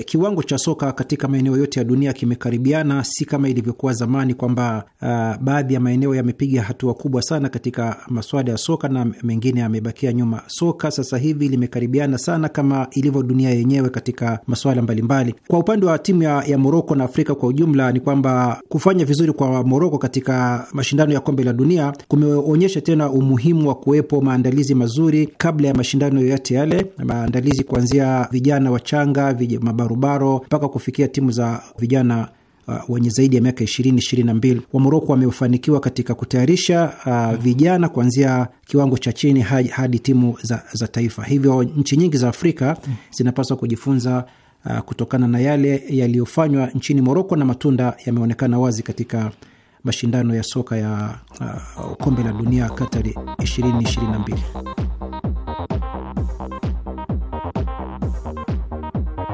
kiwango cha soka katika maeneo yote ya dunia kimekaribiana, si kama ilivyokuwa zamani kwamba uh, baadhi ya maeneo yamepiga hatua kubwa sana katika maswala ya soka na mengine yamebakia nyuma. Soka sasa hivi limekaribiana sana kama ilivyo dunia yenyewe katika maswala mbalimbali. Kwa upande wa timu ya, ya Moroko na Afrika kwa ujumla, ni kwamba kufanya vizuri kwa Moroko katika mashindano ya kombe la dunia kumeonyesha tena umuhimu wa kuwepo maandalizi mazuri kabla ya mashindano yoyote yale, maandalizi kuanzia vijana wachanga, mabarobaro mpaka kufikia timu za vijana uh, wenye zaidi ya miaka 20 wa Wamoroko wamefanikiwa katika kutayarisha uh, vijana kuanzia kiwango cha chini hadi, hadi timu za, za taifa. Hivyo nchi nyingi za Afrika zinapaswa kujifunza uh, kutokana na yale yaliyofanywa nchini Moroko na matunda yameonekana wazi katika mashindano ya soka ya uh, kombe la dunia katari 2022.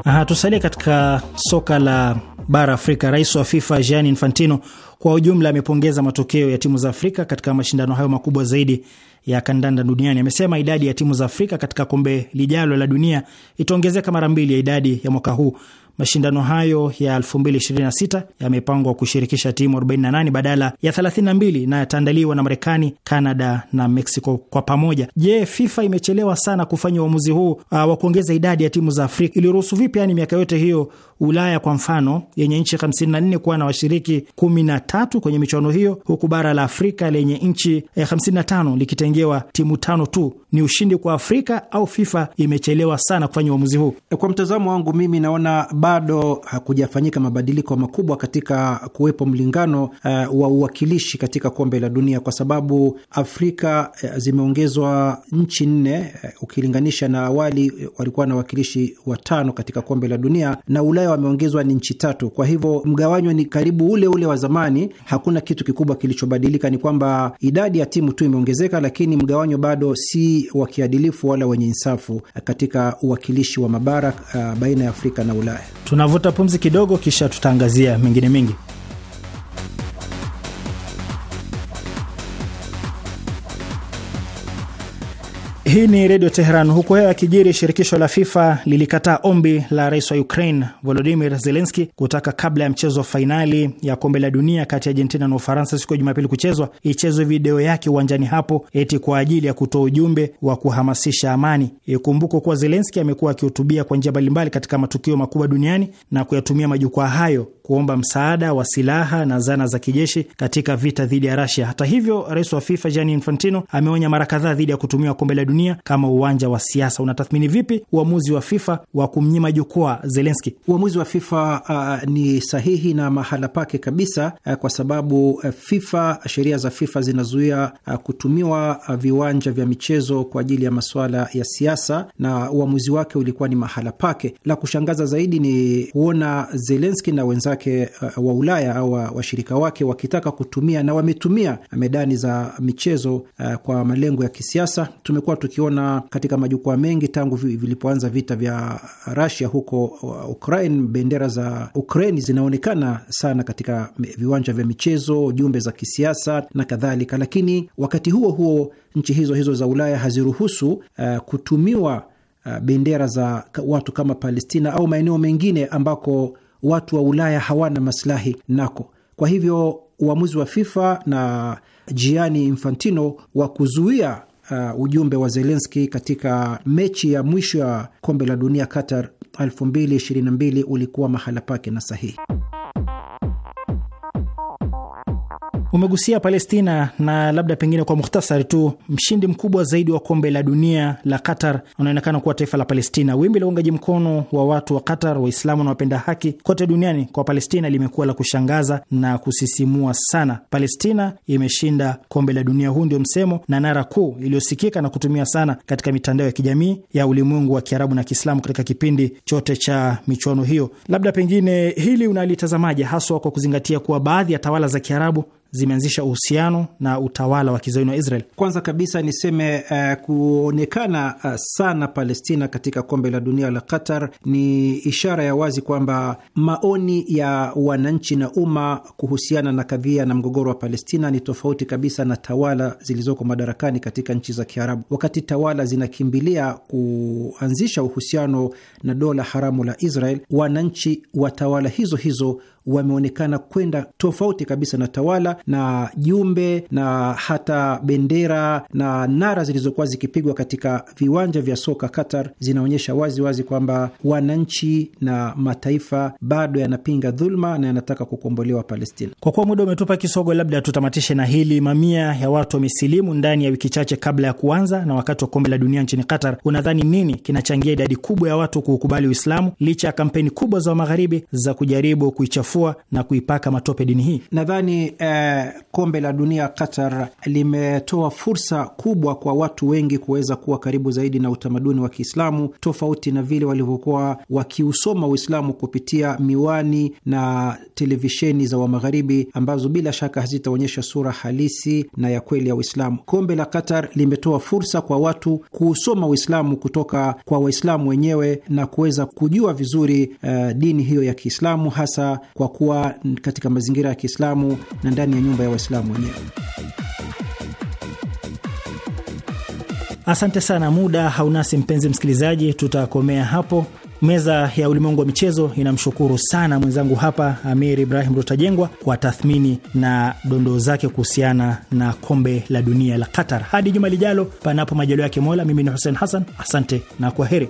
Aha, tusalie katika soka la bara Afrika. Rais wa FIFA Gianni Infantino kwa ujumla amepongeza matokeo ya timu za Afrika katika mashindano hayo makubwa zaidi ya kandanda duniani. Amesema idadi ya timu za Afrika katika kombe lijalo la dunia itaongezeka mara mbili ya idadi ya mwaka huu. Mashindano hayo ya 2026 yamepangwa kushirikisha timu 48 badala ya 32 na yataandaliwa na Marekani, Canada na Mexico kwa pamoja. Je, FIFA imechelewa sana kufanya uamuzi huu uh, wa kuongeza idadi ya timu za Afrika? Iliruhusu vipi yani miaka yote hiyo Ulaya kwa mfano yenye nchi 54 kuwa na washiriki 13 kwenye michuano hiyo, huku bara la Afrika lenye nchi eh, 55 likitengewa timu tano tu? Ni ushindi kwa Afrika au FIFA imechelewa sana kufanya uamuzi huu? Kwa mtazamo wangu mimi naona bado hakujafanyika mabadiliko makubwa katika kuwepo mlingano uh, wa uwakilishi katika kombe la dunia, kwa sababu Afrika uh, zimeongezwa nchi nne uh, ukilinganisha na awali uh, walikuwa na wakilishi watano katika kombe la dunia, na Ulaya wameongezwa ni nchi tatu. Kwa hivyo mgawanyo ni karibu ule ule wa zamani. Hakuna kitu kikubwa kilichobadilika, ni kwamba idadi ya timu tu imeongezeka, lakini mgawanyo bado si wa kiadilifu wala wenye insafu katika uwakilishi wa mabara uh, baina ya Afrika na Ulaya. Tunavuta pumzi kidogo, kisha tutaangazia mengine mengi. Hii ni Redio Teheran. Huku hayo yakijiri, shirikisho la FIFA lilikataa ombi la rais wa Ukraine Volodimir Zelenski kutaka kabla ya mchezo wa fainali ya kombe la dunia kati ya Argentina na Ufaransa siku ya Jumapili kuchezwa ichezwe video yake uwanjani hapo, eti kwa ajili ya kutoa ujumbe wa kuhamasisha amani. Ikumbukwe kuwa Zelenski amekuwa akihutubia kwa njia mbalimbali katika matukio makubwa duniani na kuyatumia majukwaa hayo kuomba msaada wa silaha na zana za kijeshi katika vita dhidi ya Rasia. Hata hivyo, rais wa FIFA Gianni Infantino ameonya mara kadhaa dhidi ya kutumiwa kombe la dunia dunia kama uwanja wa siasa. Unatathmini vipi uamuzi wa FIFA wa kumnyima jukwaa Zelenski? Uamuzi wa FIFA uh, ni sahihi na mahala pake kabisa uh, kwa sababu uh, FIFA, sheria za FIFA zinazuia uh, kutumiwa uh, viwanja vya michezo kwa ajili ya masuala ya siasa, na uamuzi wake ulikuwa ni mahala pake. La kushangaza zaidi ni kuona Zelenski na wenzake uh, wa Ulaya au washirika wake wakitaka kutumia na wametumia medani za michezo uh, kwa malengo ya kisiasa. Tumekuwa tukiona katika majukwaa mengi tangu vilipoanza vita vya Rasia huko uh, Ukraine, bendera za Ukraini zinaonekana sana katika viwanja vya michezo, jumbe za kisiasa na kadhalika. Lakini wakati huo huo nchi hizo hizo za Ulaya haziruhusu uh, kutumiwa uh, bendera za watu kama Palestina au maeneo mengine ambako watu wa Ulaya hawana masilahi nako. Kwa hivyo uamuzi wa FIFA na Gianni Infantino wa kuzuia uh, ujumbe wa Zelenski katika mechi ya mwisho ya kombe la dunia Qatar 2022 ulikuwa mahala pake na sahihi. Umegusia Palestina na labda pengine kwa muhtasari tu, mshindi mkubwa zaidi wa kombe la dunia la Qatar unaonekana kuwa taifa la Palestina. Wimbi la uungaji mkono wa watu wa Qatar, Waislamu na wapenda haki kote duniani kwa Palestina limekuwa la kushangaza na kusisimua sana. Palestina imeshinda kombe la dunia, huu ndio msemo na nara kuu iliyosikika na kutumia sana katika mitandao ya kijamii ya ulimwengu wa Kiarabu na Kiislamu katika kipindi chote cha michuano hiyo. Labda pengine hili unalitazamaje, haswa kwa kuzingatia kuwa baadhi ya tawala za Kiarabu zimeanzisha uhusiano na utawala wa kizayuni wa Israel. Kwanza kabisa niseme uh, kuonekana uh, sana Palestina katika kombe la dunia la Qatar ni ishara ya wazi kwamba maoni ya wananchi na umma kuhusiana na kadhia na mgogoro wa Palestina ni tofauti kabisa na tawala zilizoko madarakani katika nchi za Kiarabu. Wakati tawala zinakimbilia kuanzisha uhusiano na dola haramu la Israel, wananchi wa tawala hizo hizo wameonekana kwenda tofauti kabisa na tawala na jumbe na hata bendera na nara zilizokuwa zikipigwa katika viwanja vya soka Qatar zinaonyesha wazi wazi kwamba wananchi na mataifa bado yanapinga dhuluma na yanataka kukombolewa Palestina. Kwa kuwa muda umetupa kisogo, labda tutamatishe na hili. Mamia ya watu wamesilimu ndani ya wiki chache kabla ya kuanza na wakati wa kombe la dunia nchini Qatar. Unadhani nini kinachangia idadi kubwa ya watu kuukubali Uislamu licha ya kampeni kubwa za Magharibi za kujaribu kuichafua kuichafua na kuipaka matope dini hii. Nadhani eh, kombe la dunia Qatar limetoa fursa kubwa kwa watu wengi kuweza kuwa karibu zaidi na utamaduni wa Kiislamu, tofauti na vile walivyokuwa wakiusoma Uislamu kupitia miwani na televisheni za Wamagharibi, ambazo bila shaka hazitaonyesha sura halisi na ya kweli ya Uislamu. Kombe la Qatar limetoa fursa kwa watu kuusoma Uislamu kutoka kwa Waislamu wenyewe na kuweza kujua vizuri eh, dini hiyo ya Kiislamu hasa kwa kuwa katika mazingira ya Kiislamu na ndani ya nyumba ya Waislamu wenyewe. Asante sana, muda haunasi mpenzi msikilizaji, tutakomea hapo. Meza ya ulimwengu wa michezo inamshukuru sana mwenzangu hapa Amir Ibrahim Rutajengwa kwa tathmini na dondoo zake kuhusiana na kombe la dunia la Qatar. Hadi juma lijalo, panapo majalio yake Mola, mimi ni Hussein Hassan, asante na kwa heri.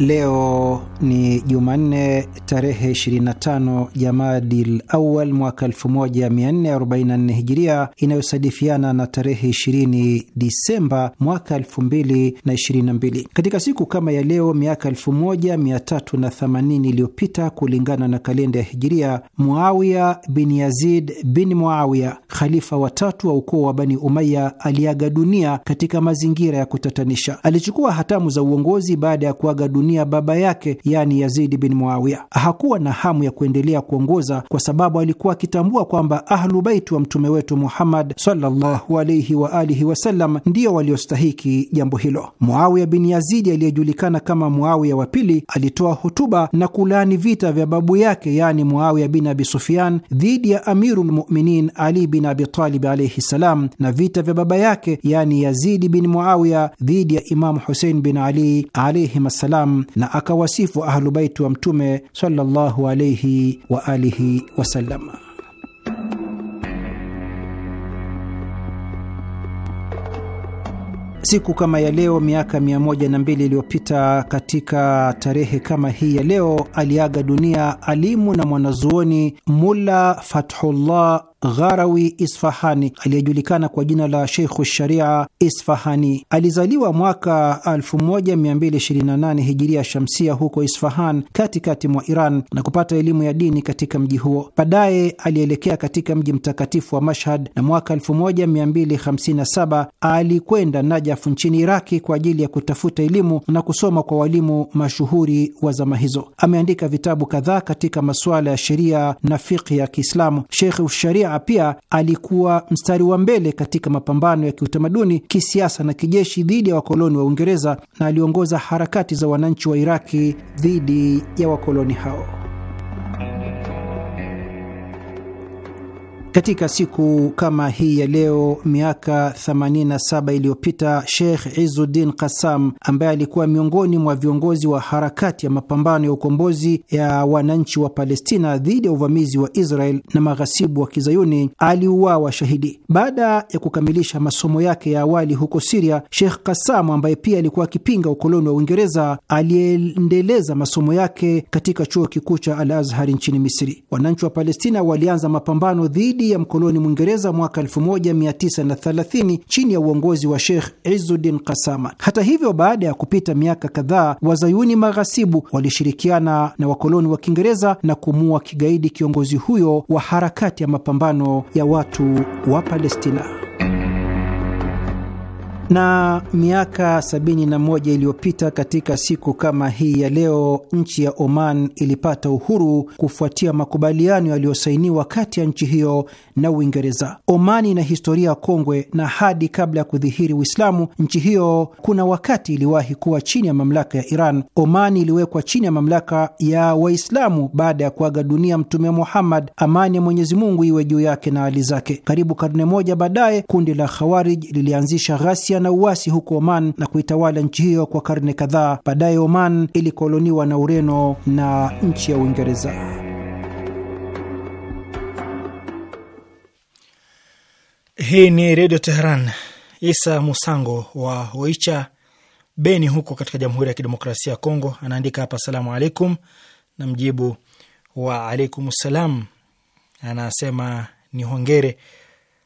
Leo ni Jumanne tarehe 25 Jamadil Awal mwaka 1444 Hijiria, inayosadifiana na tarehe 20 Disemba mwaka 2022. Katika siku kama ya leo miaka 1380 iliyopita kulingana na kalenda ya Hijiria, Muawiya bin Yazid bin Muawiya, khalifa watatu wa ukoo wa Bani Umaya, aliaga dunia katika mazingira ya kutatanisha. Alichukua hatamu za uongozi baada ya kuaga dunia dunia baba yake, yani Yazidi bin Muawiya. Hakuwa na hamu ya kuendelea kuongoza kwa sababu alikuwa akitambua kwamba Ahlu Baiti wa mtume wetu Muhammad sallallahu alaihi wa alihi wasallam ndio waliostahiki jambo hilo. Muawiya bin Yazidi aliyejulikana kama Muawiya wa pili alitoa hotuba na kulaani vita vya babu yake, yaani Muawiya bin Abi Sufyan dhidi ya Amiru lmuminin Ali bin Abitalib alaihi salam, na vita vya baba yake, yani Yazidi bin Muawiya dhidi ya Imamu Husein bin Ali alaihim assalam na akawasifu Ahlubaiti wa Mtume sallallahu alaihi wa alihi wasallam. Siku kama ya leo miaka mia moja na mbili iliyopita katika tarehe kama hii ya leo aliaga dunia alimu na mwanazuoni Mulla Fathullah Gharawi Isfahani aliyejulikana kwa jina la Sheikhu Sharia Isfahani alizaliwa mwaka 1228 hijiria shamsia huko Isfahan katikati mwa Iran na kupata elimu ya dini katika mji huo. Baadaye alielekea katika mji mtakatifu wa Mashhad na mwaka 1257 alikwenda Najafu nchini Iraki kwa ajili ya kutafuta elimu na kusoma kwa walimu mashuhuri wa zama hizo. Ameandika vitabu kadhaa katika masuala ya sheria na fiqhi ya Kiislamu. Sheikhu Sharia Shia pia alikuwa mstari wa mbele katika mapambano ya kiutamaduni, kisiasa na kijeshi dhidi ya wakoloni wa Uingereza na aliongoza harakati za wananchi wa Iraki dhidi ya wakoloni hao. Katika siku kama hii ya leo miaka 87 iliyopita Sheikh Izuddin Qassam ambaye alikuwa miongoni mwa viongozi wa harakati ya mapambano ya ukombozi ya wananchi wa Palestina dhidi ya uvamizi wa Israel na maghasibu wa Kizayuni aliuawa shahidi. Baada ya kukamilisha masomo yake ya awali huko Siria, Sheikh Qassam ambaye pia alikuwa akipinga ukoloni wa Uingereza aliendeleza masomo yake katika chuo kikuu cha Al Azhari nchini Misri. Wananchi wa Palestina walianza mapambano dhidi dhidi ya mkoloni Mwingereza mwaka 1930 chini ya uongozi wa Sheikh Izzuddin Kasama. Hata hivyo, baada ya kupita miaka kadhaa, wazayuni maghasibu walishirikiana na wakoloni wa Kiingereza na kumuua kigaidi kiongozi huyo wa harakati ya mapambano ya watu wa Palestina. Na miaka 71 iliyopita katika siku kama hii ya leo, nchi ya Oman ilipata uhuru kufuatia makubaliano yaliyosainiwa kati ya nchi hiyo na Uingereza. Oman ina historia kongwe, na hadi kabla ya kudhihiri Uislamu, nchi hiyo kuna wakati iliwahi kuwa chini ya mamlaka ya Iran. Oman iliwekwa chini ya mamlaka ya Waislamu baada ya kuaga dunia Mtume Muhammad, amani ya Mwenyezi Mungu iwe juu yake na hali zake. Karibu karne moja baadaye, kundi la Khawarij lilianzisha ghasia na uasi huko Oman na kuitawala nchi hiyo kwa karne kadhaa. Baadaye Oman ilikoloniwa na Ureno na nchi ya Uingereza. Hii ni Redio Teheran. Isa Musango wa Oicha, Beni huko katika Jamhuri ya Kidemokrasia ya Kongo anaandika hapa, asalamu alaikum, na mjibu wa alaikum salam. Anasema ni hongere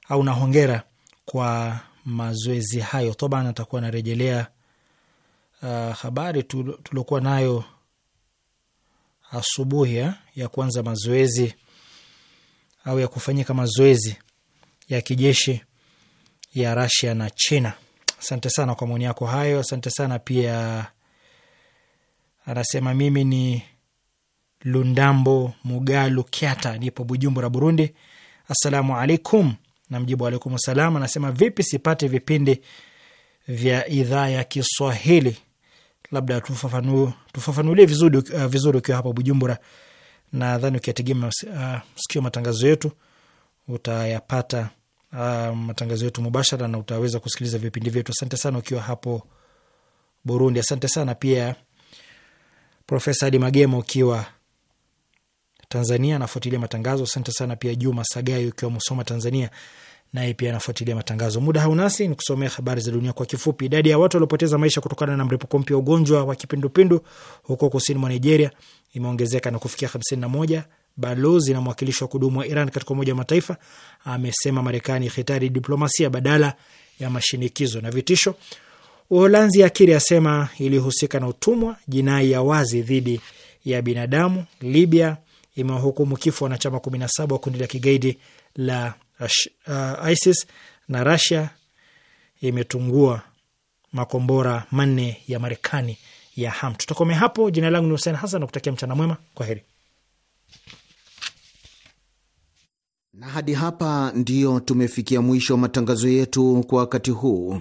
au na hongera kwa mazoezi hayo. Toban atakuwa anarejelea uh, habari tuliokuwa nayo asubuhi eh, ya kuanza mazoezi au ya kufanyika mazoezi ya kijeshi ya Rasia na China. Asante sana kwa maoni yako hayo, asante sana pia. Anasema mimi ni Lundambo Mugalu Kyata, nipo Bujumbura, Burundi. Assalamu alaikum na mjibu alaikum salam. Anasema vipi sipate vipindi vya idhaa ya Kiswahili? Labda tufafanu, tufafanulie vizuri uh, vizuri ukiwa hapa Bujumbura. Nadhani ukiategemea uh, sikio matangazo yetu utayapata uh, matangazo yetu mubashara na utaweza kusikiliza vipindi vyetu. Asante sana ukiwa hapo Burundi. Asante sana pia Profesa Adi Magema ukiwa Tanzania anafuatilia matangazo. Asante sana pia Juma Sagayo ukiwa Musoma, Tanzania, naye pia anafuatilia matangazo. Muda haunasi ni kusomea habari za dunia kwa kifupi. Idadi ya watu waliopoteza maisha kutokana na mlipuko mpya wa ugonjwa wa kipindupindu huko kusini mwa Nigeria imeongezeka na kufikia 51. Balozi na mwakilishi wa kudumu wa Iran katika Umoja wa Mataifa amesema Marekani hitari diplomasia badala ya mashinikizo na vitisho. Uholanzi akiri asema ilihusika na utumwa, jinai ya wazi dhidi ya binadamu. Libya imewahukumu kifo wanachama 17 wa kundi la kigaidi la uh, ISIS na Rasia imetungua makombora manne ya Marekani ya HAM. Tutakomea hapo. Jina langu ni Hussein Hassan nakutakia mchana mwema. Kwa heri. Na hadi hapa ndiyo tumefikia mwisho wa matangazo yetu kwa wakati huu.